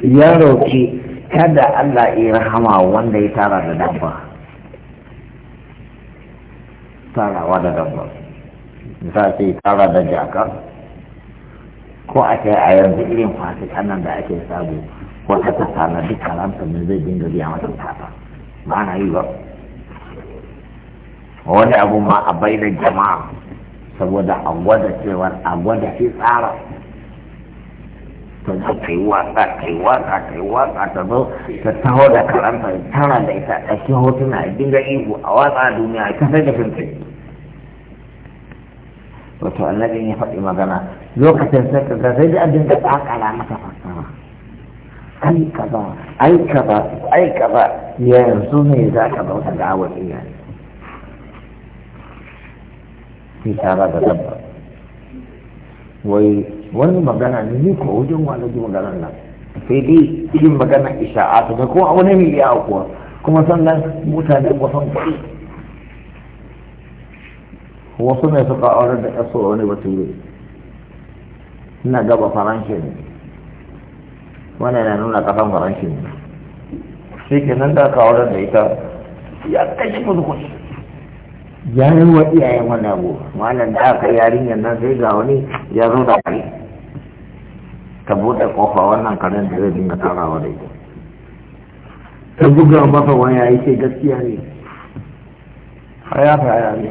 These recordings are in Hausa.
ya roƙi kada Allah ya rahama wanda ya tara da dabba tarawa da dabba za yi tara da jaka ko a kai a yanzu irin fasikan nan da ake sabu, ko ta tana duk kalanta ne zai dinga biya mata tata ba na yi ba wani abu ma a bai da jama'a saboda a gwada cewa a gwada shi tsara ta zo ta yi waka ka yi waka ka yi waka ta zo ta taho da karanta tara da ita a cikin hotuna a dinga ihu a watsa duniya a kasar da fintai wato annabin ya faɗi magana lokacin sai ka ga sai da abin da ƙaƙala mata fassara ai kaza ai kaza ai kaza yanzu ne za ka bauta ga awon iyaye sai tara da dabba wai wani magana ne ni ko wajen wani ji maganar nan sai dai irin magana ta da kuma wani miliya kuwa kuma sannan mutane wasan kuɗi wasu ne suka aure da a wani bature ina gaba faranshi ne wannan na nuna ƙasan faranshi ne shi ke nan da ka aure da ita ya kashe mu zuwa ya yi wa iyayen wani abu malam da aka yarinyar nan sai ga wani ya zo da kai ta buɗe ƙofa wannan karen da zai dinga tarawa da ita ta buga ya yi ce gaskiya ne haya haya ne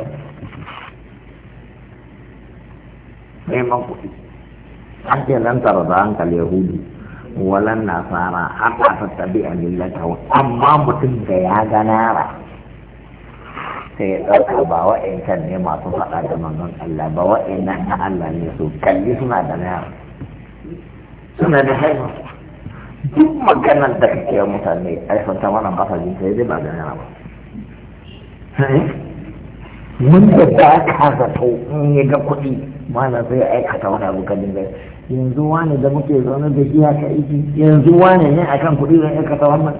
neman kuɗi an ce nan tara da hankali yahudu walan nasara har a tattabi a millata amma mutum da ya ga nara sai ya ɗauka ba wa'incan ne masu faɗa da manzon Allah ba wa'innan na Allah ne su kalli suna da nara suna da haihuwa duk maganar da kake yi mutane aifan ta wannan ba sa jin sai ba ba yana ba mun da ba ka zato in yi ga kuɗi mana zai aikata wani abu ka da yanzu wani da muke zaune da shi haka iji yanzu wani ne a kan kuɗi zai aikata wannan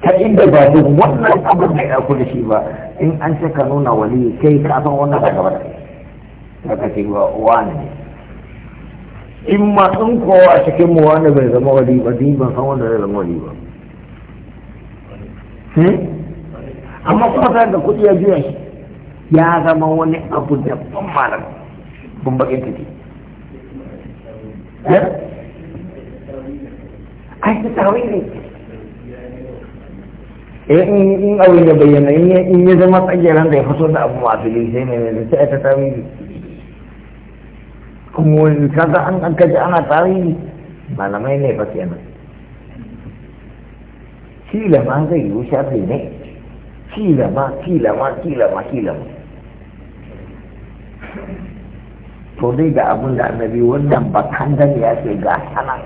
ta inda ba duk wannan abu da ya kula shi ba in an ce ka nuna wali kai ka san wannan daga ba da ka ce ba wani ne in ma in kowa a cikin mu wanda bai zama wali ba din ban san wanda zai zama wali ba hmm? amma kuma sai da kuɗi ya biya shi ya zama wani abu da ban malam ban bakin tafi eh? ai ta tawi ne eh, in in aure da bayyana in ya zama tsagiran da ya fito da abu masu sai ne sai ta tawi ne kuma kaza an an kaji ana tarihi malamai ne ba kenan kila ma zai yi shafi ne kila ma kila ma kila ma kila ma to dai ga abin da annabi wannan bakan da ya ce ga sanan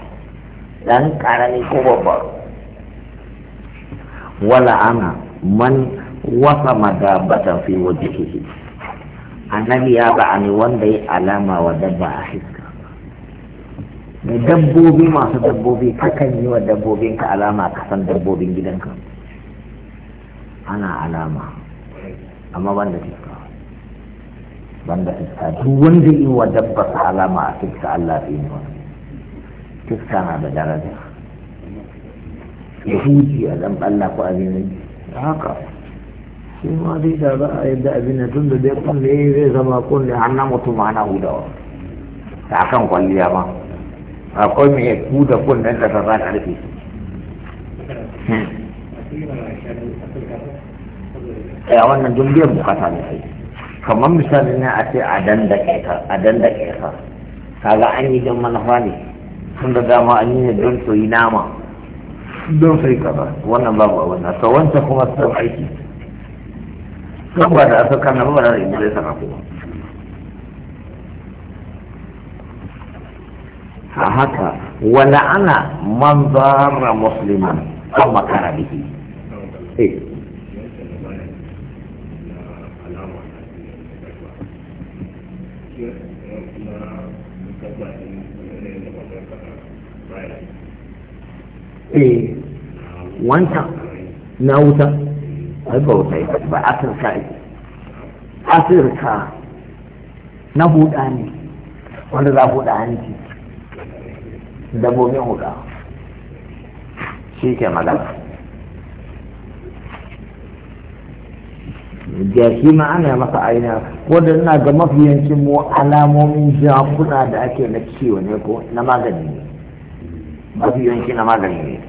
dan karami ko babba wala ana man wasa madabatan fi wajhihi annabi ya ba'ani wanda ya alama wa dabba a fiska da dabbobi masu dabbobi kakan yi wa dabbobin ka alama ka san dabbobin gidanka ana alama amma banda fiska banda fiska duk wanda yi wa dabba ka alama a fiska Allah fi yi wani fiska na da daraja yahudi a zan Allah ko abin haka shi ma dai da za a yadda abin na tun da dai kulle zai zama kulle har na mutum ana hudawa ta kan kwalliya ma akwai mai kuda kunnen da ta za ta rufe hmm. ya wannan duk biyan bukata ne ai kamar misali ne a ce a dandake ka a dandake ka kaga an yi don manufa ne tun da dama an yi ne don soyi nama don sai kaza wannan babu abin na to wancan kuma sun aiki kan ba da asar kan nan ba da ibu zai sana ko a haka wala ana man zara musliman kan makara bihi eh. eh, wancan na wuta ai bauta ya ba asirka ake asirka na huda ne wanda za huda hanci dabbobin huda shi ke magana da shi ma ana masa aina ko da ina ga mafiyancin mu alamomin kuna da ake na ciwo ne ko na magani ne mafiyanci na magani ne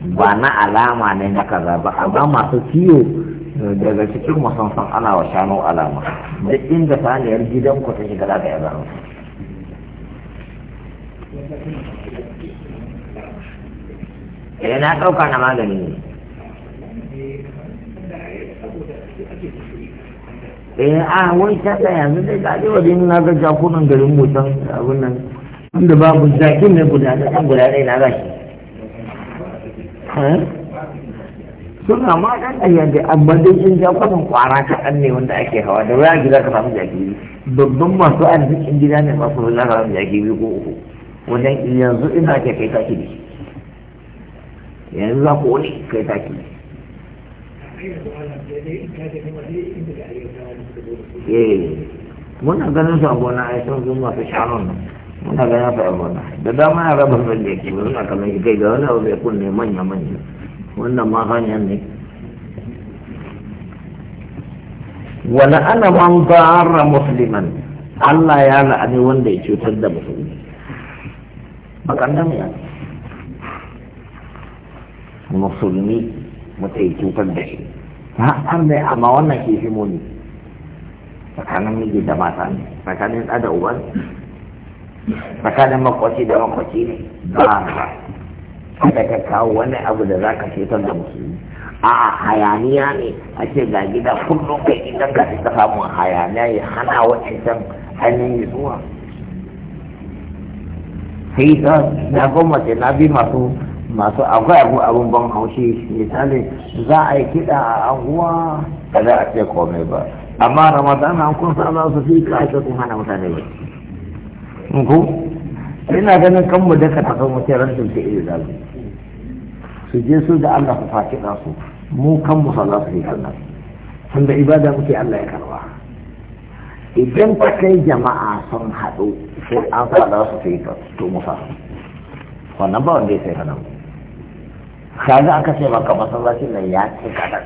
ba na alama ne na kaza ba amma masu ciwo eh, daga cikin musamman ana wa shanu alama duk inda saniyar gidan ku ta shiga za ka yi zama eh, na ɗauka na magani ne eh a wani shata yanzu dai ga dai wajen na ga jakunan garin mutan abin nan inda babu jakin ne guda da kan guda ɗaya na gashi Eh? suna ma kan da amma dai sun ja kwanan kwara kaɗan ne wanda ake hawa da waya gida ka samu jaki babban masu arzikin gida ne masu wula ka samu jaki biyu ko uku wajen yanzu ina ke kai taki ne yanzu za ku wani kai taki ne eh, muna ganin su a gona a yi sun su shanon nan muna ga ya faɗa mana da dama ya raba sun da ke muna kamar shi kai ga wani abu bai kunne manya manya wannan ma hanyar ne wala ana man bara musliman Allah ya la'ani wanda ya cutar da musulmi bakan da ya musulmi mutai cutar da shi ta har da amma wannan ke shi muni tsakanin miji da mata ne tsakanin ɗa da ne tsakanin makwaci da makwaci ne ba kada ka kawo wani abu da za ka ceton da musulmi a hayaniya ne a ce ga gida kullum kai idan ka ta samun hayaniya ya hana can hanyar zuwa sai ta na gwamnati na bi masu masu akwai abu abun ban haushi misali za a yi kiɗa a anguwa ba za a ce komai ba amma ramadan an kun sa za su fi ka ake kun hana mutane ba ko ina ganin kan mu daka ta kan wace ran da ke da su su je su da Allah ku faki da su mu kan mu sallah su yi Allah sun da ibada muke Allah ya karba idan ka kai jama'a sun haɗu sai an faɗa su sai ka to musa wannan ba wanda ya sai kanan kaga aka ce maka masallaci nan ya ce kanan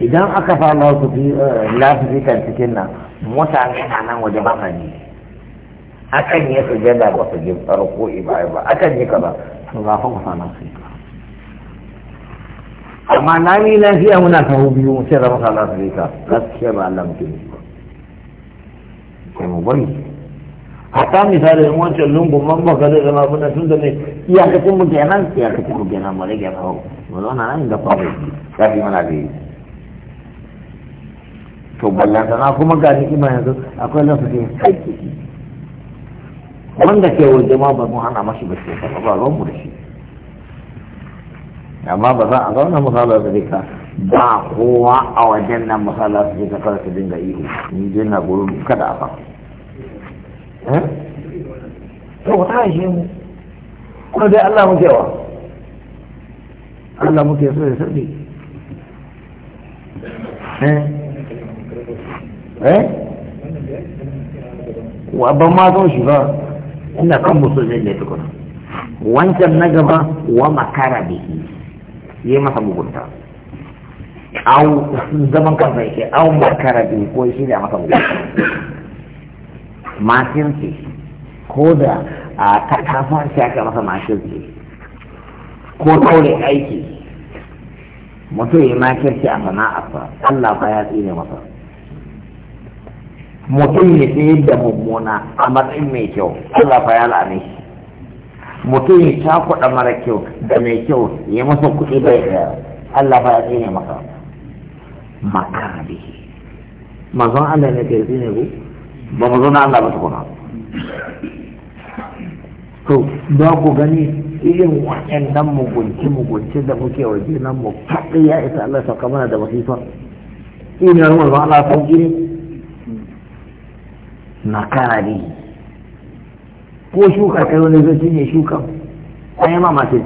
idan aka fara su fi lafi eh, cikin nan mutane a nan waje ba ne akan yi sujada ba su ji farko ibaya ba akan yi kaza to ba fa kusa nan sai amma na ni lafiya muna kawo biyu sai da masa za su yi ka gaskiya ba Allah mutum sai mu bari hatta misali in wancan lungun man baka zai zama abin da tun da ne iyakacin mu kenan iyakacin mu kenan mu rage ba mu zauna nan inda kwamu ya fi mana da yi to ballantana kuma ga ni'ima yanzu akwai lafi da ya wanda ke waje ma ba mu hana mashi bace ba ba ruwan mu da shi amma ba za a zauna musala su rika ba kowa a wajen nan musala su rika kar su dinga ihu ni je na gurin kada a fa eh? to wata shi mu kuma dai Allah mu muke wa Allah mu muke so ya sani eh eh wa ban ma zo shi ba ina kan musulmi ne tukuna wancan na gaba wa makara bihi yi masa mugunta au zaman kansa yake au makara da ko shi ne a masa mugunta Mashin ce ko da a takafan shi aka masa mashin ce ko taure aiki mutum ya makirci a sana'arsa Allah ba ya tsine masa mutum ya tsaye da mummuna a matsayin mai kyau Allah fa ya la'ane shi mutum ya kuɗa mara kyau da mai kyau ya masa kuɗi bai ɗaya Allah fa ya tsine masa bi mazan Allah ne ke tsine ku ba mu zo na Allah ba tukuna to ba ku gani irin waɗannan mugunci mugunci da muke wa nan mu kaɗai ya isa Allah sauka mana da wasifa ina ruwan Allah sauki ne makara ne ko shuka kai wani zai cinye shuka. an yi mamakin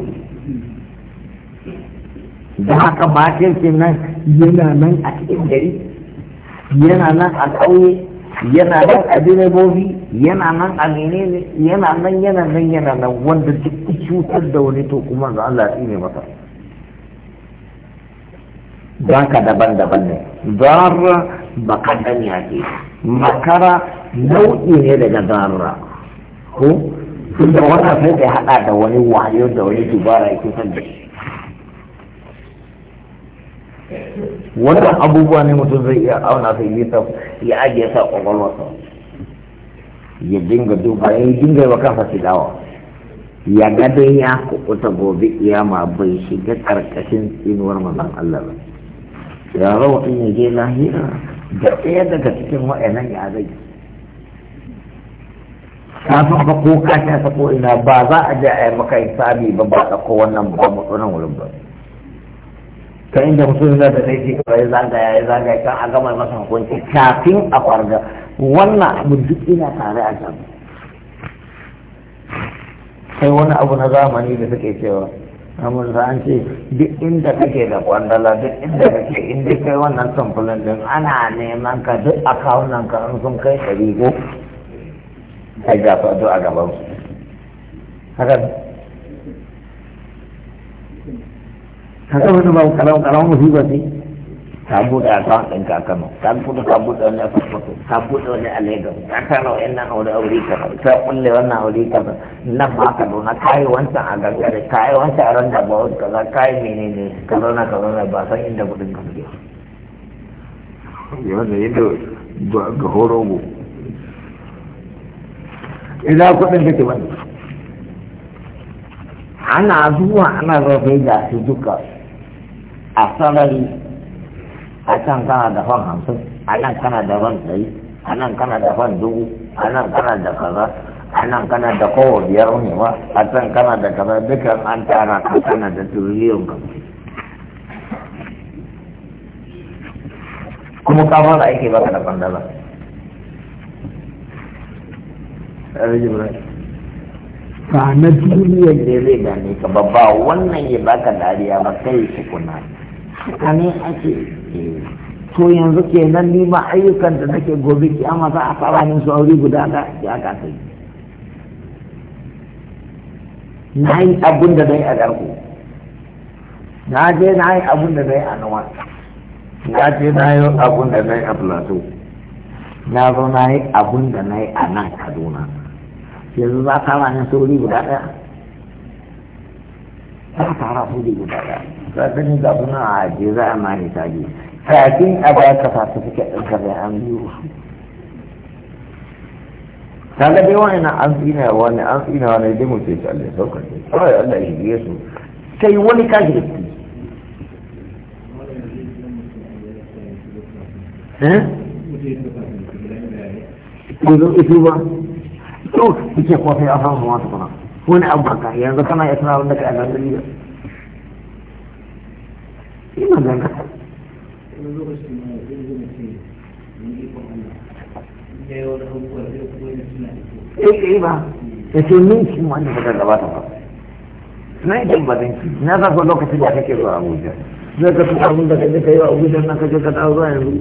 da haka makircin nan yana nan a cikin gari yana nan a ƙauye yana nan a direbobi yana nan a menene yana nan yana nan yana nan wanda duk cutar da wani to kuma ga Allah shi ne masa ka daban-daban ne bakadaniya ce makara nau'i ne daga zarura. ko tunda wata sai da haɗa da wani wayo da wani dubara ya kusan da shi wannan abubuwa ne mutum zai iya auna sai yi sa ya ajiye sa kwakwalwarsa ya dinga duba ya dinga wa kansa tilawa ya ga dai ya kukuta gobe ma bai shiga karkashin tsinuwar mazan Allah ba ya rawa in ya je lahira da ɗaya daga cikin wa'annan ya zai ka san ba ko ka ta ta ko ina ba za a je a yi maka hisabi ba ba da ko wannan ba mutunan wurin ba ta inda mutum da zai ce kawai zagaya ya zagaya kan a gama masa hukunci kafin a farga wannan abu duk ina tare a can sai wani abu na zamani da suke cewa amur an ce duk inda kake da kwandala duk inda kake inda kai wannan samfulin din ana neman ka duk kawunan ka in sun kai ɗari ko a gafa duk a gaban su haka haka wani ba musu ba sai ka buɗe a kan ɗin kakano ka buɗe ka buɗe wani a farfato ka buɗe wani a lagos ta tara wani nan aure aure kaza ta kulle wannan aure kaza nan ma ka zauna ka yi wancan a gangare ka yi wancan a ran da ba wani kaza ka yi menene ka zauna ka zauna ba san inda kuɗin ka buɗe. yau da yadda ga horogo idan kuɗin kake wani ana zuwa ana zafi da su duka a sarari a can kana da fan hamsin a nan kana da fan ɗari a nan kana da fan dubu a nan kana da kaza a nan kana da kowa biyar ne ba a can kana da kaza dukan an tara ka kana da tiriliyon ka kuma ka fara aiki baka da kwandala ba na duniyar da zai gane ka babba wannan ya baka dariya ba kai shi kuna a ne ake to yanzu kenan ni ma ayyukan da nake gobe kiyama za a fara min sauri guda ga ya ka sai na yi abun da zai a garko na je na yi abun da zai a nawa na je na yi abun da zai a plateau na zo na yi abun da na yi a nan kaduna yanzu za a fara min sauri guda ɗaya ta fara su da guda ɗaya kafin ga ajiye za a mani tage kafin a ka fasa suke ɗin ka sai an biyu kaga dai wani na an tsina wani an tsina wani dai mu ce Allah ya sauka ne kawai na ya su ka wani abu haka yanzu kana ya tunawa da ka a nan duniya yi ma magana eh eh ba ya ce min shi mu wanda baka gabata ba na yi tabbatin shi na za zafi lokacin da kake zuwa abuja zai ka tuka abin da kaje ka yi wa abuja na kaje ka ta zuwa yanzu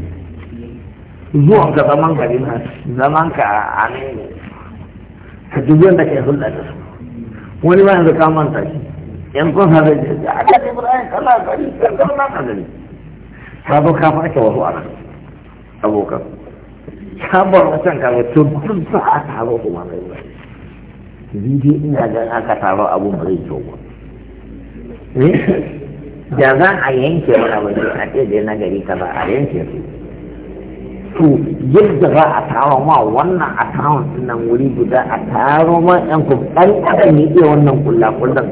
zuwan ka zaman ka na zaman ka a nan ka dubi wanda ka yi hulɗa da su wani ma yanzu ka manta shi yan kun hada je aka ce Ibrahim kana gari kana ka gari sabo ka fa ake wasu ana abokan sabar wasan ka ga to duk za a taro kuma mai ba zidi ina ga aka taro abun ba zai kyau ba da eh? za a yanke wani abu a ce da na gari kaza a yanke su to yadda za a taro ma wannan a account nan wuri guda a taro ma yan ku dan adam ne iya wannan kulla kullan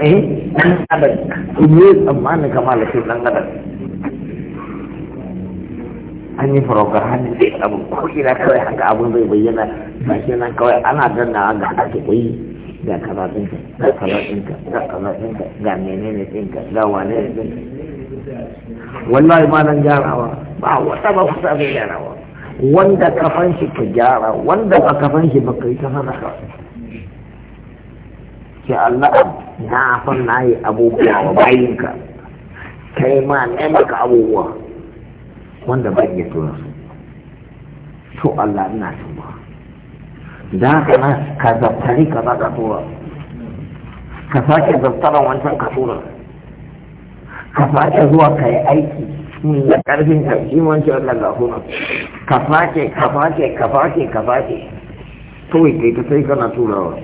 eh dan da ne tsammanin kamar lafi dan adam an yi farauka hannun zai abu ko ina kawai haka abun zai bayyana gashi nan kawai ana dannawa ga ake koyi ga kaza ɗinka ga kaza ɗinka ga kaza ɗinka ga menene ɗinka ga wane ɗinka wallahi ma nan gyarawa ba wata ba kusa bai gyarawa wanda kafan shi ka gyara wanda ka kafan shi ba ka yi ta sadaka ke Allah na san na yi abubuwa wa bayinka kai ma ne maka abubuwa wanda ba iya tura su to Allah ina tuba da haka na ka zaftari ka za ka tura ka sake zaftaran wancan ka tura ka fata zuwa ka yi aiki da karfin ka shi wancan wannan gafuna ka fake ka fake ka fake ka fake kawai kai ta sai kana turawa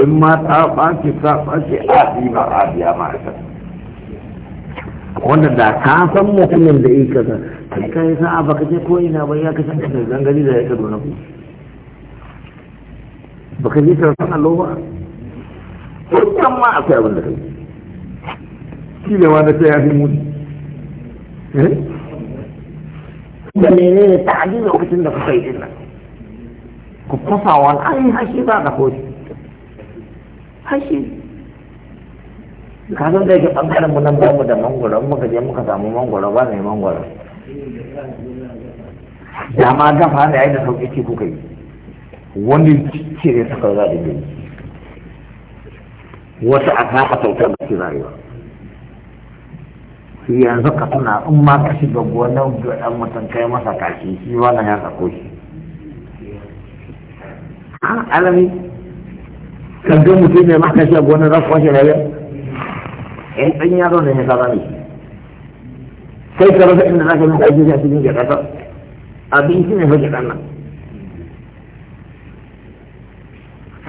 in ma ta fake ta fake a bi ba a biya ma ka wanda da ka san mutumin da yi kaza kai ka yi sa'a ba ka je ko ina ba ya kasan ka da gangari da ya ka dona ku ba ka ji ta san allo ba ko ma akwai abin da kai kilewa na sai ya fi muni eh? da mene ne ta aji lokacin da kuka yi din nan ku fasa wa ai hashi ba da koshi hashi ka san da yake ɓangaren mu nan ba mu da mangoro muka je muka samu mangoro ba mai mangoro da ma gafa ne ai da sauƙi ce kuka yi wani cire suka za da ne. wasu a kafa sautar da ke rayuwa yanzu ka tuna in ma ka shiga gonar da ɗan mutum kai masa kashi shi wannan ya sako shi an alami kan ga mutum ne maka shi a gonar za ku kwashe rayuwa in ɗan yaro da ya zama ne sai ka rasa inda za ka yi maka aiki a cikin jakata abinci ne fa ɗan nan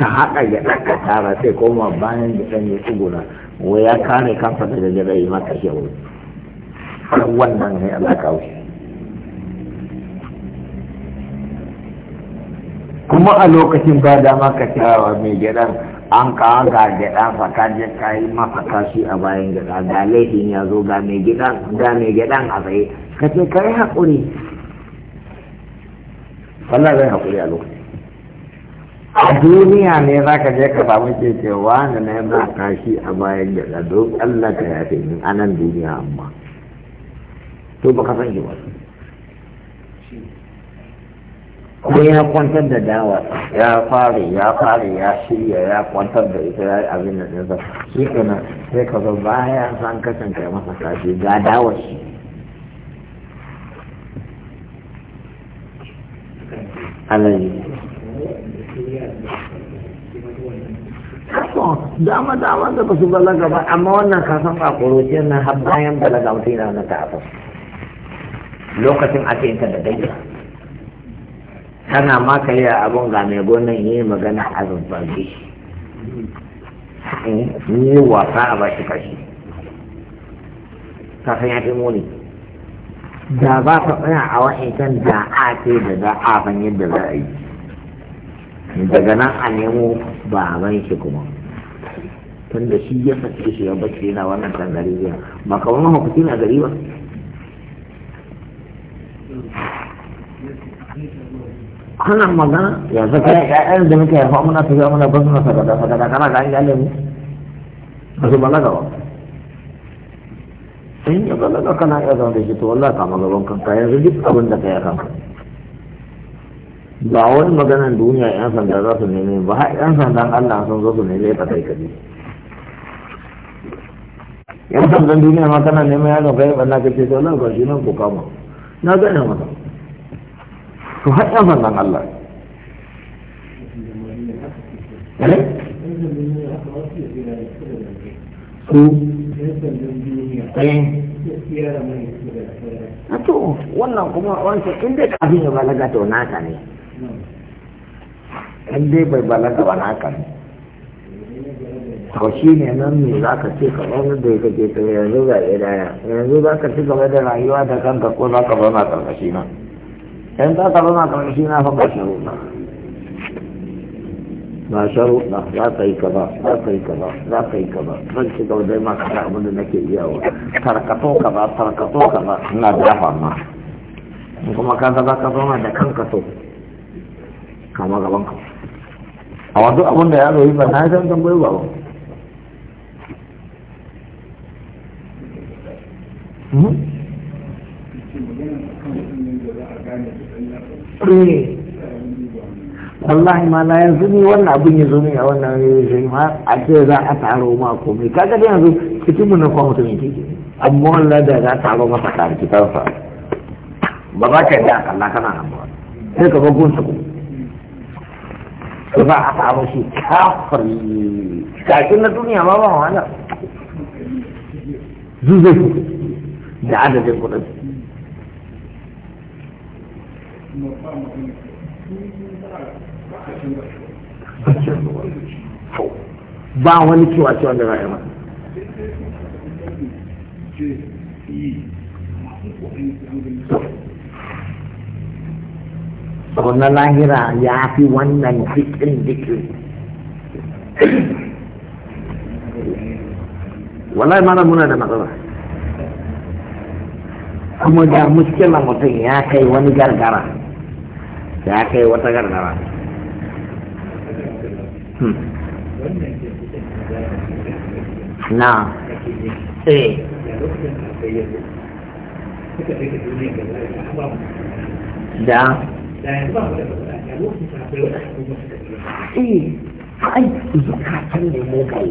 Ka haɗa ya ɗaka tara sai koma bayan da ɗan ya tsuguna wai ya kare kansa daga jirai yi maka shi a wurin har wannan ne Allah kawo kuma a lokacin ba dama ka cewa mai gidan an kawo ga gyaɗa fa ka je ka yi masa kashi a bayan gyaɗa ga laifin ya zo ga mai gidan ga mai gidan a tsaye ka ce ka yi haƙuri Wannan zai haƙuri a lokacin a duniya ne za ka je ka samu ce cewa na na yi kashi a bayan gyaɗa don Allah ka yafe min anan duniya amma to baka san shi ba kuma ya kwantar da dawa ya fare ya fare ya shirya ya kwantar da ita ya abin da ɗinsa shi kana sai ka zo baya san kasan kai masa kashi ga dawa shi alayi kaso dama dama da ba su balaga ba amma wannan kasan ba kurociyar na har bayan balaga mutum yana na ta'afas lokacin ake yin ta da daidai tana ma ka yi abun ga mai gonan yi magana a zubbage eh, ni wasa a bashi kashi ka san ya fi muni da ba ka tsaya a can da a ce da za a san yadda za a yi daga nan a nemo ba ban shi kuma da shi ya fashe shi ya bace yana wannan tangariya ba kamar mahaukacin a gari ba ana magana yanzu kai ƴaƴan da muke haifa muna tafiya muna ba suna sagada sagada kana ga an yale mu ba su balaga ba in ya balaga kana iya zama da shi to ka maza ban kanka yanzu duk abin da kai kanka ba wani maganan duniya yan sanda za su nemi ba har yan sandan Allah sun zo su nemi ka kai kaje yan sandan duniya ma kana neman yaron kai ba na kace to Allah ba shi nan ko kama na gane mata Eh? su haɗa Allah eh. su a to wannan kuma wancan in dai kafin ya balaga to naka ne in dai bai balaga ba naka ne to shi ne nan ne za ka ce ka zaune da ya je ta yanzu ga idaya yanzu za ka ci gaba da rayuwa da kanka ko za ka zauna karkashi nan in za ka zauna kamar shi na fa ba za ka yi kaza za ka yi kaza za ka yi kaza zan ci gaba dai ma ka abin da nake iyawa tarkato kaza tarkato kaza ina dafa ma kuma ka za ka kama gaban ka abin da ba Mm-hmm. wallahi ma na yanzu ni wannan abin ya zo min a wannan yanzu ma a ce za a taro ma komai kaga da yanzu cikin mun na kwa mutum yake amma wannan da za a taro masa karkitansa ba ba ka da a kana nan ba sai ka ga gunsa kuma ba a samu shi kafin kafin na duniya ma ba wahala zuzai da adadin kudin ba wani cewa cewa da rayuwa to na lahira ya fi wannan fikin dikin wallahi mana muna da matsala kuma da muskilan mutum ya kai wani gargara ya kai wata gargara hmm. na eh da eh ai zukatan ne mugaye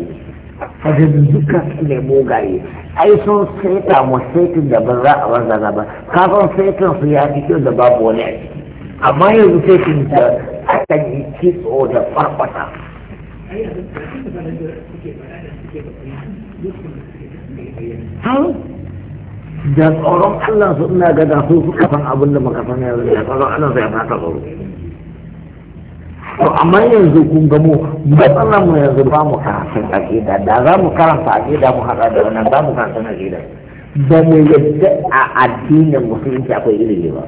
fadin zukatan ne mugaye ai sun saita mu saitin da ba za a wanzana ba kafin saitin su ya fito da babu wani a ciki amma yanzu sai kun da aka yi kitso da farfata da tsoron Allah su ina ga da su suka san abin da muka san yanzu da tsoron Allah sai ya fata tsoro to amma yanzu kun ga mu matsalar mu yanzu ba mu karanta ke da da za mu karanta a da mu hada da wannan za mu karanta na aqida ba mu yadda a addinin musulunci akwai ilimi ba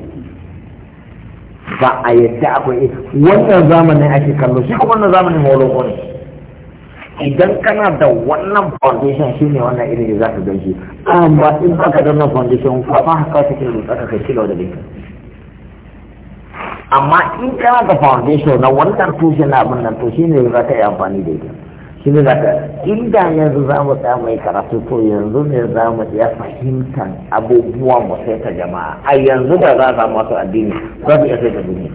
ba a yadda akwai wannan zamanin ake kallo shi kuma wannan zamanin mawaloko ne idan kana da wannan foundation shi ne wannan irin da za ka gan shi amma in ba ka da wannan foundation ba ka haka take rutsa ka kai kilo da dinka amma in kana da foundation na wannan tushen na abin nan to shi ne za ka yi amfani da ita shi ne ta inda yanzu za mu tsaya mai karatu to yanzu ne za mu iya fahimtar abubuwa mu sai ta jama'a a yanzu da za a samu wasu addini za su iya sai ta duniya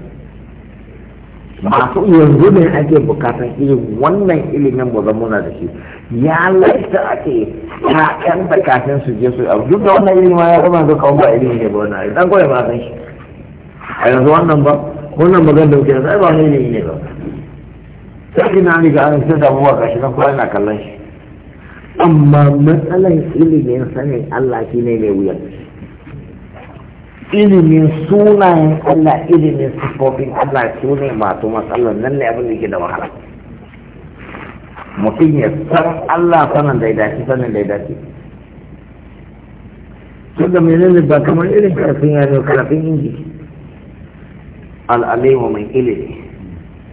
masu yanzu ne ake bukatar irin wannan ilimin mu zama muna da shi ya laifta ake ta'yan da kafin su je su yi duk da wannan ilimin ya zama zuka wani ba ilimi ne ba wannan dan kawai ba, san shi a yanzu wannan ba wannan magana da kuke sai ba wani ilimi ne ba sai na ni ga an sai da abubuwa gashi nan kuma ina kallon shi amma matsalan ilimin sanin Allah shi ne mai wuyan ilimin sunayen Allah ilimin sifofin Allah su ne masu matsalan nan ne abin da ke da wahala mutum ya san Allah sanin da ya dace sanin da ya dace tunda menene ba kamar irin karfin yaro karfin inji al'alaiwa mai ilimi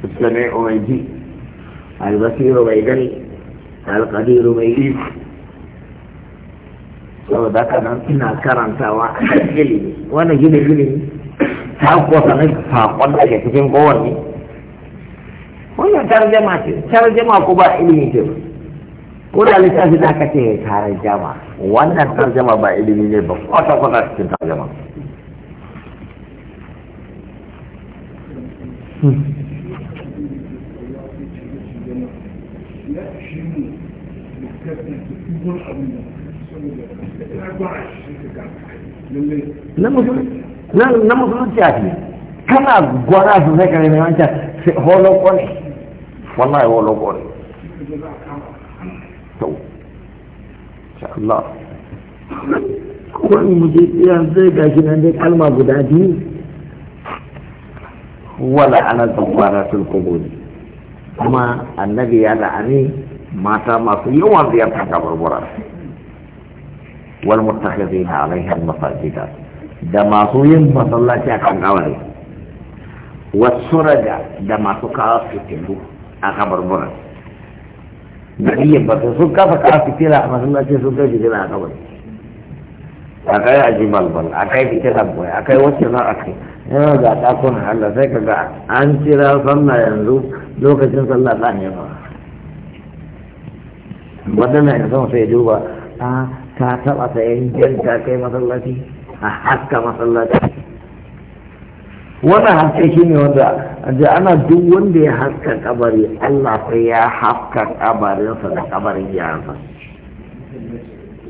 islami'u mai ji albasiru mai gani alkadiru mai yi sau da haka nan ina karantawa a kan ilimi wannan gine gine ne ta kuwa sanar saƙon da ke cikin kowanne wannan tarjama ce tarjama ko ba ilimi ce ba ko da littafi da aka ce tarjama wannan tarjama ba ilimi ne ba kwata kwata cikin tarjama hmm. na musulunci a ce kana gwara su zai kare mai wancan holoko ne wallahi holoko ne to Allah kuma mu ya zai gashi nan dai kalma guda biyu wala ana tsakwara tulkubuni kuma annabi ya la'ani mata masu yawan ziyarta kaburbura wal muttakhidin alaiha masajida da masu yin masallaci a kan kawai wasuraja da masu kawo fitilu a kaburbura da iya ba su sun kafa kawo fitila a masallaci sun kai fitila a kawai a kai ajimal balbal a kai fitilan boye a kai wacce za a kai yana da ɗakunan allah sai ka ga an kira sannan yanzu lokacin sallah ta ne ba wadanda ya zama sai duba a ta taba ta yin janta kai masallaci a haska masallaci wannan haske shi ne wanda da ana duk wanda ya haska kabari allah sai ya haska kabarinsa da kabarin yaransa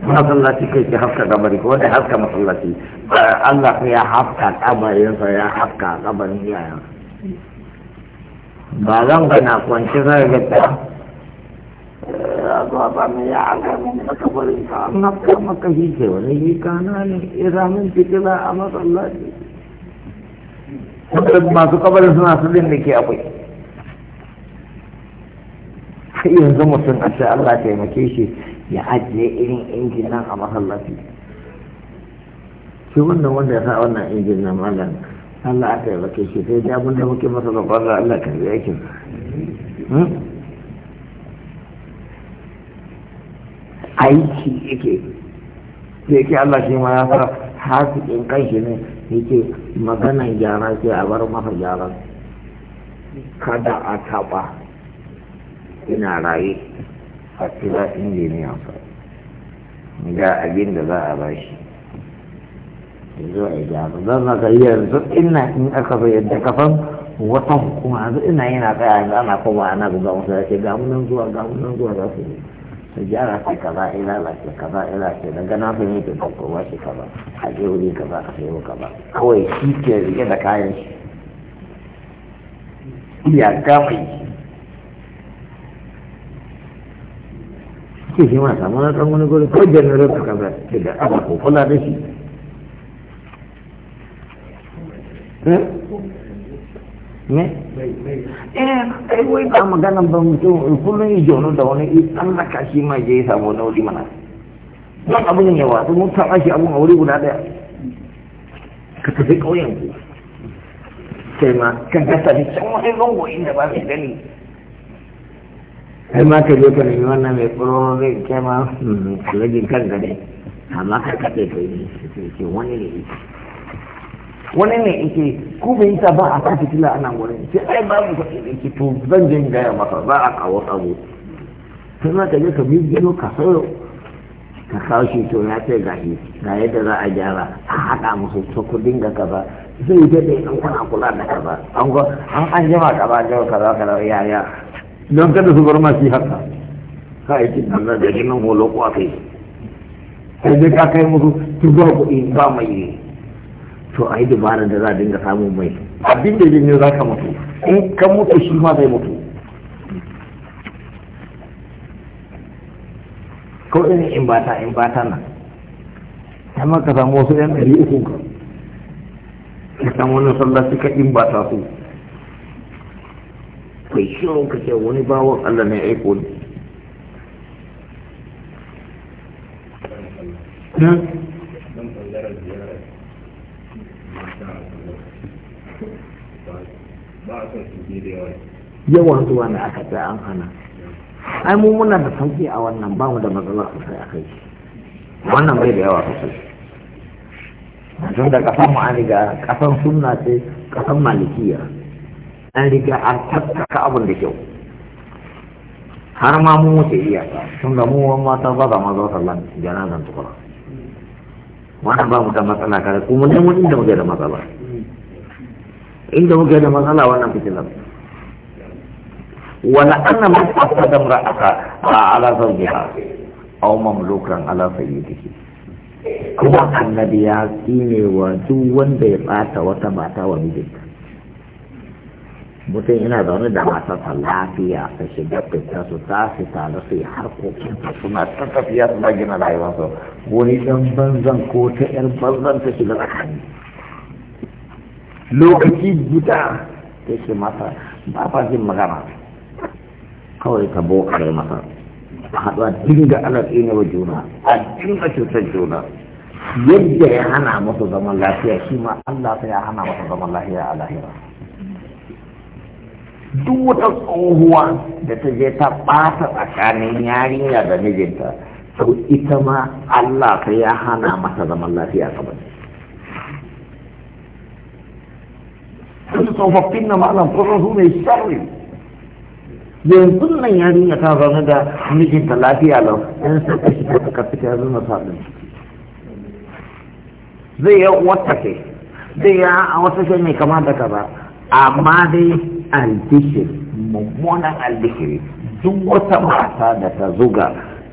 masallaci kai ke haska kabari ko ya haska masallaci allah sai ya haska kabarinsa ya haska kabarin yaransa ba zan gana kwanci zai ga ya ba mu ya an maka shi ke wani kana ne fitila a masallaci kuma masu kabarin suna su din da ke akwai sai yanzu mutum a sai Allah taimake shi ya ajiye irin injin nan a masallaci shi wannan wanda ya sa wannan injin nan malam Allah taimake shi sai da abin da muke masa da Allah Allah yi aikin hmm? aiki yake da yake Allah shi ma ya fara hasikin kanshi ne yake maganan gyara sai a bar masa gyara kada a taɓa ina raye a kira injiniyan sa ga abin da za a bashi yanzu a gyara zan na ga yanzu ina in aka bai yadda kafan wata hukuma yanzu ina yana tsaya yanzu ana koma ana buga wasu ya ce gamunan zuwa gamunan zuwa za su yi su gyara shi ina ya lalace kaza ya lalace daga na fi yake da kowa shi kaza a je wuri kaza a sayo kaza kawai shi ke rike da kayan shi iyaka mai shi shi ma samu na ɗan wani gurin ko janarar ta kaza ke da abu ko da shi hmm? ne eh ai eh, wai ba magana ba mutum kullum yi jono da wani yi tsallaka shi ma je ya samu wani wuri mana don abin ya wasu mun taɓa shi abin a wuri guda ɗaya ka tafi ƙauyen ku sai ma ka gasa da can wani zango inda ba mai gani kai ma ka je ka nemi wannan mai tsoro zai kai ma hmm, alajin kan gane amma ka kaɗe ka yi wani ne wani ne yake ku bai ta ba a kan fitila a nan wurin sai ai babu kuɗi da yake to zan je gaya masa za a kawo tsaro sai za ka je ka bi gino ka sayo ka kawo shi to ya ce gashi ga yadda za a gyara a haɗa musu to ku dinga kaza zai yi daɗe in kuna kula da kaza an ga an an jima kaza jima kaza kaza ya ya don kada su bar masu haka ka yi cikin nan da jinin holo kwafe sai dai ka kai musu tu ba kuɗi ba mai yi to a yi dubarar da za a dinga samun mai abin da ne za ka mutu in ka mutu shi ma zai mutu ko irin in bata in bata nan amma ka samu wasu yan ɗari uku ka ka samu wani sallah suka in bata su kai shirin ka ce wani bawon allah ne aiko ne Hmm? yawan zuwa ne aka ta an hana ai mu muna da sauki a wannan ba mu da matsala sosai a kai wannan bai da yawa sosai tun da kasan mu an riga kasan sunna ce kasan malikiya an riga an tattaka abin da kyau har ma mu wuce iya tun da mu wani mata ba za ma zo sallan janazan tukura wannan ba mu da matsala kare kuma ne mun inda muke da matsala inda muke da matsala wannan fitilar wani annan masu da ra'aka a ala zaujiha au mamlukan ala sayyidihi kuma annabi ya tsine wa duk wanda ya bata wata mata wa mijinta mutum ina zaune da matarsa lafiya ta shiga fita su ta fi tare su yi harkokin suna ta tafiya su magina gina su wani dan banzan ko ta yar banzan ta shiga tsakani lokaci guda ta ce masa ba fa jin magana kawai ka bokare masa a haɗuwa dinga ana ne wa juna a dinga cutar juna yadda ya hana masa zaman lafiya shi ma Allah ta ya hana masa zaman lafiya a lahira duk wata tsohuwa da ta je ta ɓata tsakanin yarinya da mijinta to ita ma Allah ta ya hana masa zaman lafiya kamar sun tsofaffin na malam kusan su mai sharri yanzu nan ta zaune da mijinta lafiya lau yan suka shiga suka fita yanzu na sabon zai yi wata ke zai yi a wata ke mai kama da kaza amma dai aldishir mummunan aldishiri duk wata mata da ta zuga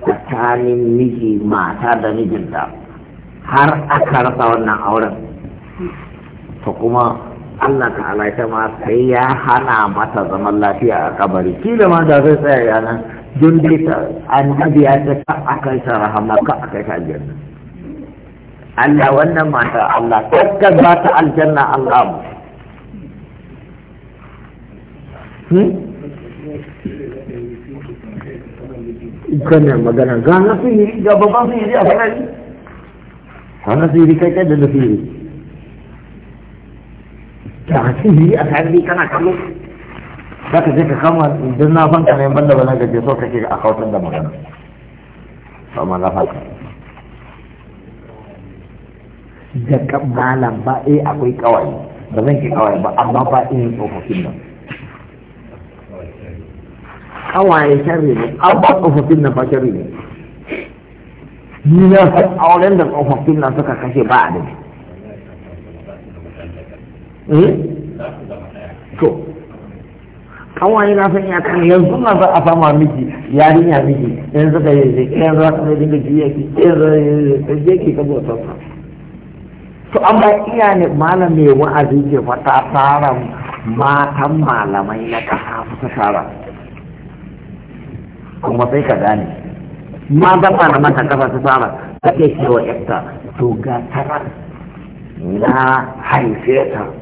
tsakanin miji mata da mijinta har aka rasa wannan auren to kuma Allah ta'ala ta ma sai ya hana mata zaman lafiya a kabari kila ma da zai tsaya yana don dai ta annabi ya ce ka akai ta rahama ka akai ta aljanna Allah wannan mata Allah takkar ba ta aljanna Allah mu hmm? kana magana ga na fi fili ga babban fili a fari ga na fi yi kai kai da na fi yi. da asiri a sarari kana kallo za ka je ka kama idan na fanka ne banda ba na gaje so kake a kautar da magana amma na fanka da kabbalan ba eh akwai kawai ba zan ki kawai ba amma ba irin tsofaffin nan kawai sharri ne amma tsofaffin nan ba sharri ne ni na san auren da tsofaffin nan suka kashe ba a daji Eh? to kawai na san ya kan yanzu na za a fama miki yarinya miki yanzu ka yi zai kayan za ka zai dinga juya ki yanzu ka zai ki ka bautar sa to an ba iya ne malam mai wa'azi ke fata tsara matan malamai na kasa su tsara kuma sai ka gane ma zan ba na mata kasa su tsara ta ke kewa yakta to ga tarar na haifeta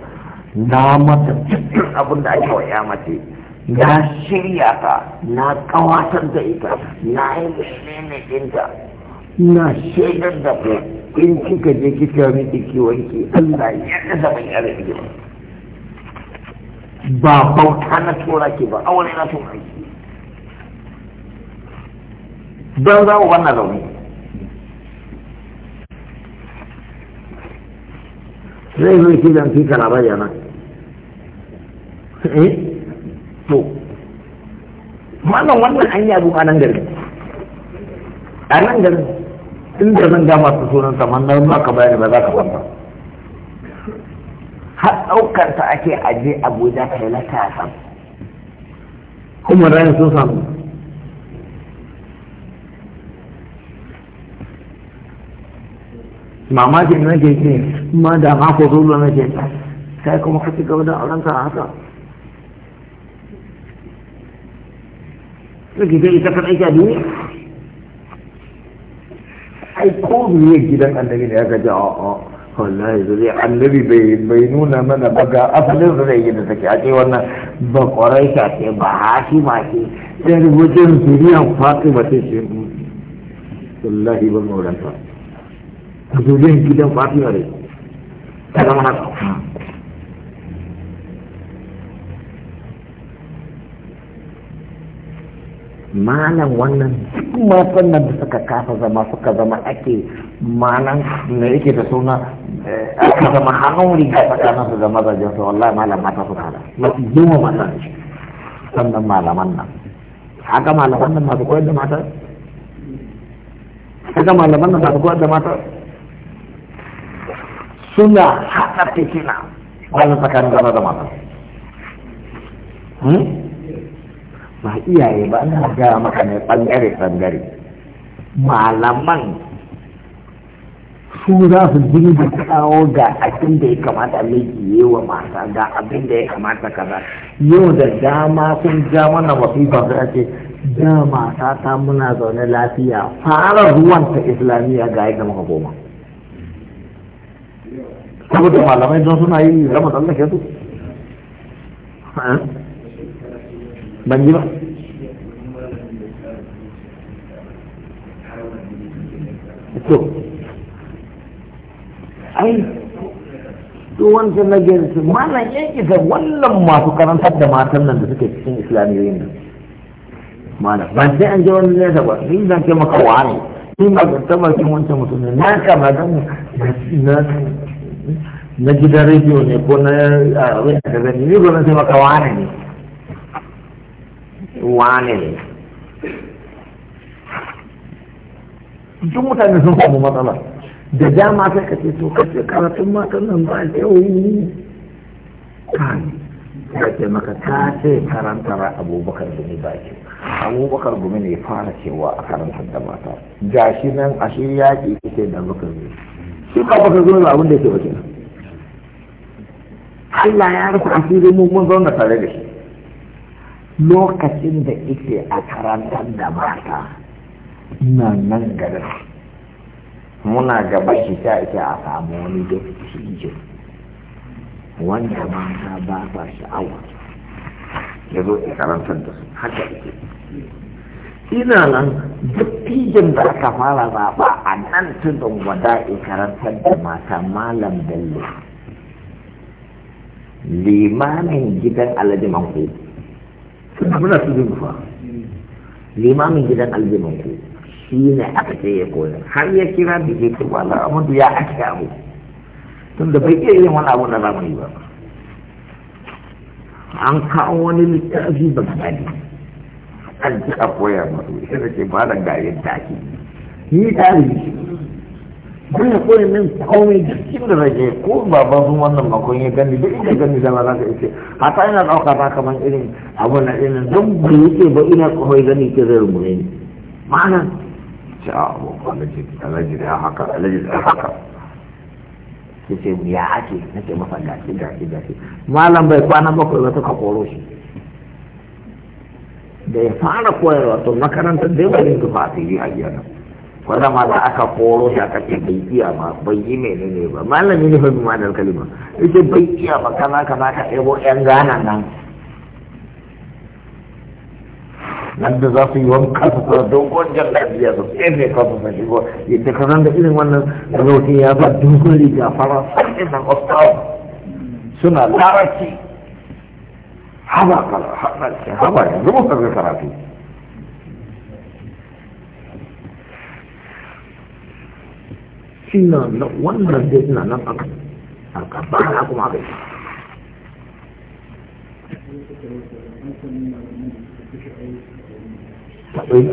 na mata cikin abin da ake waya mace na shirya ta na kawatar da ita na yi menene ɗinta na shaidar da ku in kika je kika miki kiwonki Allah ya da ban yare ba bauta na tura ki ba aure na tura ki don za ku wannan rauni zai zo ki dan fi karaba ya nan eh to malam wannan an yi abu a nan gari a nan garin inda zan gama su sunan saman nan ba ka bayani ba za ka san ba har ɗaukar ta ake aje abuja kai na tasan kuma ran sun samu mamakin na ke ce ma da ma ko zuwa na ke ta sai kuma ka ci gaba da aurenka a haka suke ta ita kan aiki a duniya ai ko biye gidan annabi ne aka ce a'a wallahi zai annabi bai bai nuna mana ba ga asalin zuri da take a ce wannan ba kwarai ta ce ba haki ma ce sai rubutun zuriyar fatima ce hmm, wallahi ba mauranta zuriyar gidan fatima ne ta zama haka malam wannan matan nan da suka kafa zama suka zama ake malam ne yake da suna eh, aka zama hannun riga tsakanin su da mazajen su wallahi mata suka hada mafi yawa mata ne sannan malaman nan haka malaman nan masu koyar da mata haka malaman nan masu mata suna haɗa fitina bayan tsakanin zama da mata hmm? ba iyaye ba na gaya maka ne ɓangare ɓangare malaman su za su dinga kawo ga abin da ya kamata miji yi wa mata ga abin da ya kamata kaza yau da dama kun ja mana ba sai ake da mata ta muna zaune lafiya fara ruwan ta islamiyya ga yadda muka goma. saboda malamai don suna yi zama tsallake su eh? ban ji ba to ai to wancan na gani mana malam ya ita wannan masu karantar da matan nan da suke cikin islamiyoyin nan mana ba sai an je wani nesa ba ni zan taimaka wa ne ni ma ga tabbakin wancan mutum ne na kama don na na gidan rediyo ne ko na abin da gani ni na sai maka wane ne wane ne duk mutane sun samu matsala da dama sai ka ce to ka ce karatun matan nan ba ne kan ka ce maka ta ce karantara abubakar gumi ba ke. abubakar gumi ne fara cewa a karantar da mata gashi nan ashe yaƙi kike da bakar gumi shi ka bakar gumi ba abin da ce ba kenan Allah ya rufe asiri mu mun zauna tare da shi lokacin da ike a karantar da mata ina nan garin muna gaba shi ta ake a samu wani dokijo wanda mata ba sa sha'awa ya zo ya karantar da su haka ake ina nan duk dattijan da aka fara zaɓa a nan tudun wada a karantar da mata malam bello limamin gidan alajiman ku suna su zuwa limamin gidan alajiman ku shi ne aka ce ya koya har ya kira da ke kuma al'amadu ya ake abu tun da bai iya yin wani abu na zamani ba an kawo wani littafi ba gani an ci a koya masu shi da ke ba da gari ta taki ni ta tarihi don ya koyi min komai duk inda rage ko baban sun wannan makon ya gani duk inda gani zama za ka ice hata ina ɗauka ta kamar irin abu na irin don bai yake ba ina kawai gani ke zai rumune ni ma'ana ce a ah, abu alaji alaji da haka alaji da haka ke ce ya ake na ce masa gashi gashi gashi malam bai kwana bakwai ba ta ka koro shi da ya fara koyarwa to makarantar dai ba yin tufa a fili a wanda ma za aka koro shi a ce bai iya ba bai yi menene ba malami ne fa ma kalima ita bai iya ba kana kana ka ɗebo yan gana nan nan da za su yi wanka su fara dogon jan biya su mai kasu sa shi ko yadda ka san da irin wannan rauti ya ba dogon riga fara sanin nan ostawa suna larabci haba kala haba yanzu muka zai karatu shi na wannan dai suna nan aka aka ba na kuma aka yi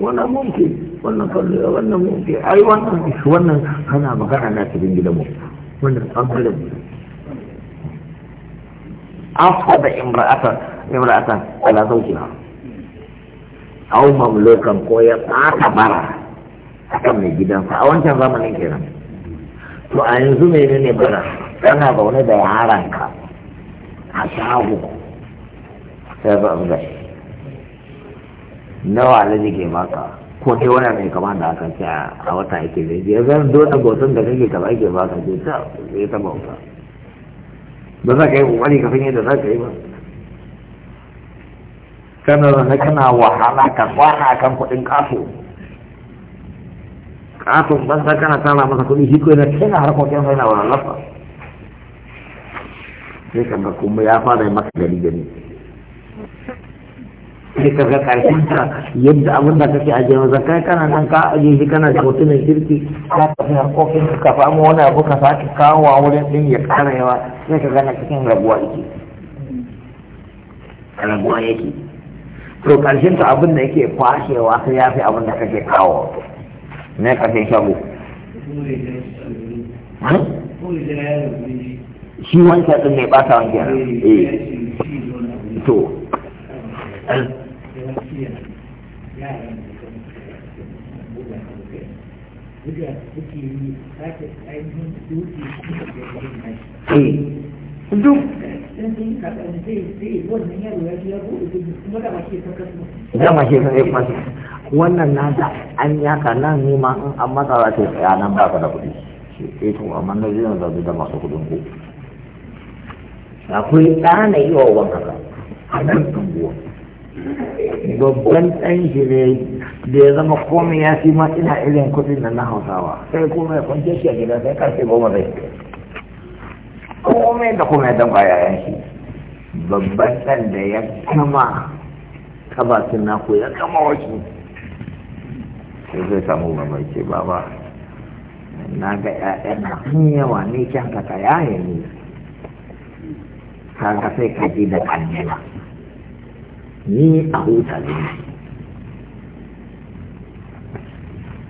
wannan mumki wannan kalli wannan mumki ai wannan wannan kana magana na cikin gidanmu wannan ɓangaren an faɗa imra'atan ala zaujiha au mamlukan ko ya ɓata bara kan mai gidansa a wancan zamanin kenan to a yanzu mene ne bara kana zaune da yaranka a shago sai ba da nawa alaji ke baka ko dai wani mai kama da aka ce a wata yake zai je zan dole gotun da kake kaba yake baka ce ta zai ta bauta ba za ka yi kokari ka san yadda za ka yi ba kana kana wahala ka kwana kan kuɗin kaso Ato banza kana tara masa kuɗi shi ko yana kina harkokin sai na wani lafa sai ka ga kuma ya fara yi maka gari gari sai ka ga karshen ka yadda abin da kake ajiye masa kai kana nan ka ajiye shi kana da mutumin kirki ka tafi harkokin ka famu wani abu ka sake kawo a wurin ɗin ya ƙara yawa sai ka na cikin rabuwa yake rabuwa yake to karshen ta abin da yake kwashewa sai ya fi abin da kake kawo na ƙarshen shago hmm? shi din mai bata wanke eh to eh. duk zama shi sun yi wannan nata an yi nan ne ma in an matsa za ta yi nan ba ka da kuɗi sai eh to amma na zai zan da masu kuɗin ku akwai ɗana yi wa wanka ka a nan tambuwa babban ɗan shi ne da ya zama komai ya fi ma ina irin kuɗin nan na hausawa sai komai kwanke shi a gida sai karfe goma zai komai da komai don ƙwayayen shi babban ɗan da ya kama kabatin naku ya kama wakil sai zai samu mamaki ba ba na ga ƴaƴan na yawa ne can ka kaya ya ne kaga sai ka ji da ƙannena ni a huta ne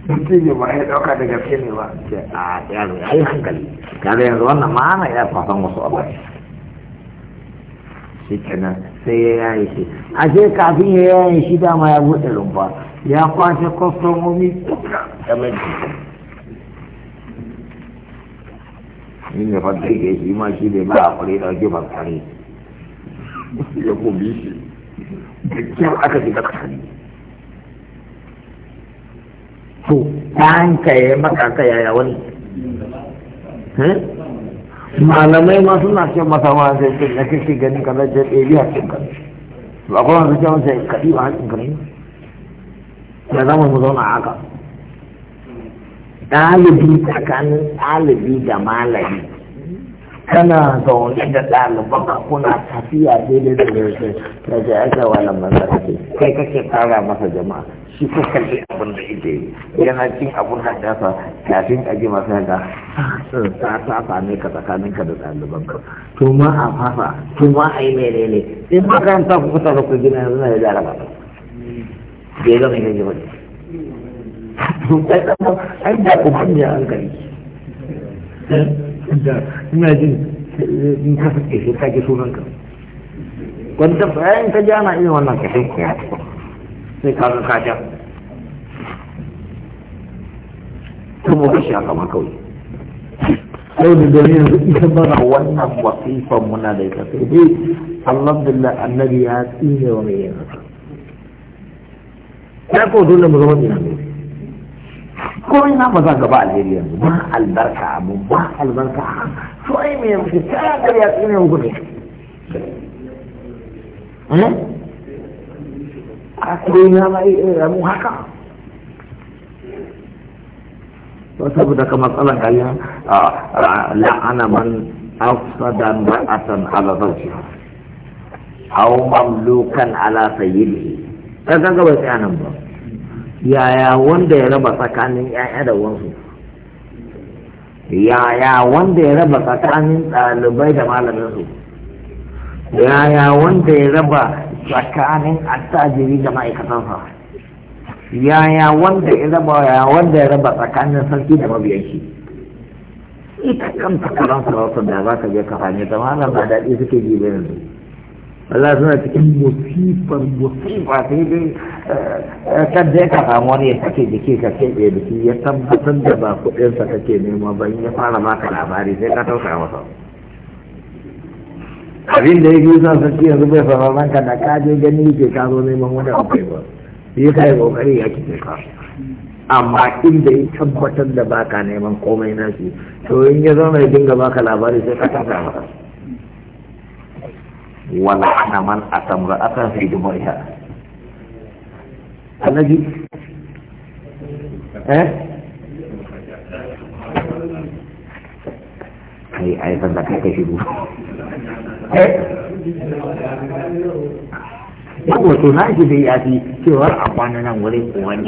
mutum ya ba ya ɗauka da gaske ne ba ce a yaro ya yi hankali kaga yanzu wannan ma'ana ya kwasan wasu abai shi kenan sai ya shi a je kafin ya yaye shi dama ya buɗe rumfa ya kwashe kwastomomi duka da mai shi ne ke shi ma shi ne ba a kwari ɗauki ya shi da kyau aka shiga tsakani to ɗan ka ya maka yaya wani eh? malamai ma suna ce masa ma sai ce na kake ganin ka zai biya cikin ka ba kuma su ce kaɗi ba hancin ka ya zama mu zauna haka ɗalibi tsakanin ɗalibi da malami kana zaune da ɗaliban ka kuna tafiya daidai da yaushe da ji aka wani masa kai kake tara masa jama'a shi ko kalli abin da ita yi yana cin abin da sa kafin a ji masa ga ah, ta ta same ka tsakanin ka da ɗaliban ka to ma a fasa to ma a yi menene in makaranta ku fita da ku gina yanzu na ya jaraba Ya zama yi wani ai da ku kun ya hankali eh? ina jin in ka fike shi ka ji sunan eh, ka wanda bayan ka jana ina wannan ka sai ya sai ka ga ka kuma ka shi haka ma kawai ina da dare yanzu ita mana wannan wasifan muna da ita sai dai alhamdulillah annabi ya tsine wa yin haka ya ko dole mu zama ina ko ina ba za gaba alheri yanzu ba albarka abu ba albarka so ai me yanzu ta ga ya tsine gudu eh a ko ina ma eh mu haka to saboda kamar tsalan kaliya la'ana man afsadan ra'atan ala zawjiha aw mamlukan ala sayyidihi kan kan bai tsaya nan ba yaya wanda ya raba tsakanin ya'ya da wansu yaya wanda ya raba tsakanin ɗalibai da malaminsu yaya wanda ya raba tsakanin attajiri da ma'aikatansa yaya wanda ya raba yaya wanda ya raba tsakanin sarki da mabiyanki ita kan karan sarautar da za ka je ka fahimta malam na daɗi suke ji bayan su Allah suna cikin musifar musifa sai dai eh, eh, kan da ya ka wani ya sake jiki ka keɓe da shi ya tabbatar da ba kuɗinsa kake nema ba in ya fara maka labari sai ka tausa masa abin da ya fi son sarki yanzu bai fara ranka da ka je gani ke ka zo neman wani abu ba ya ka yi kokari ya kike ka amma inda ya tabbatar da baka neman komai na shi to in ya zo mai dinga baka labari sai ka tausa masa wala naman atamra ata fi jumuriha lagi eh ay ay tanda kaki sibu eh Bagus tu nak jadi asli cewa apa nak boleh buat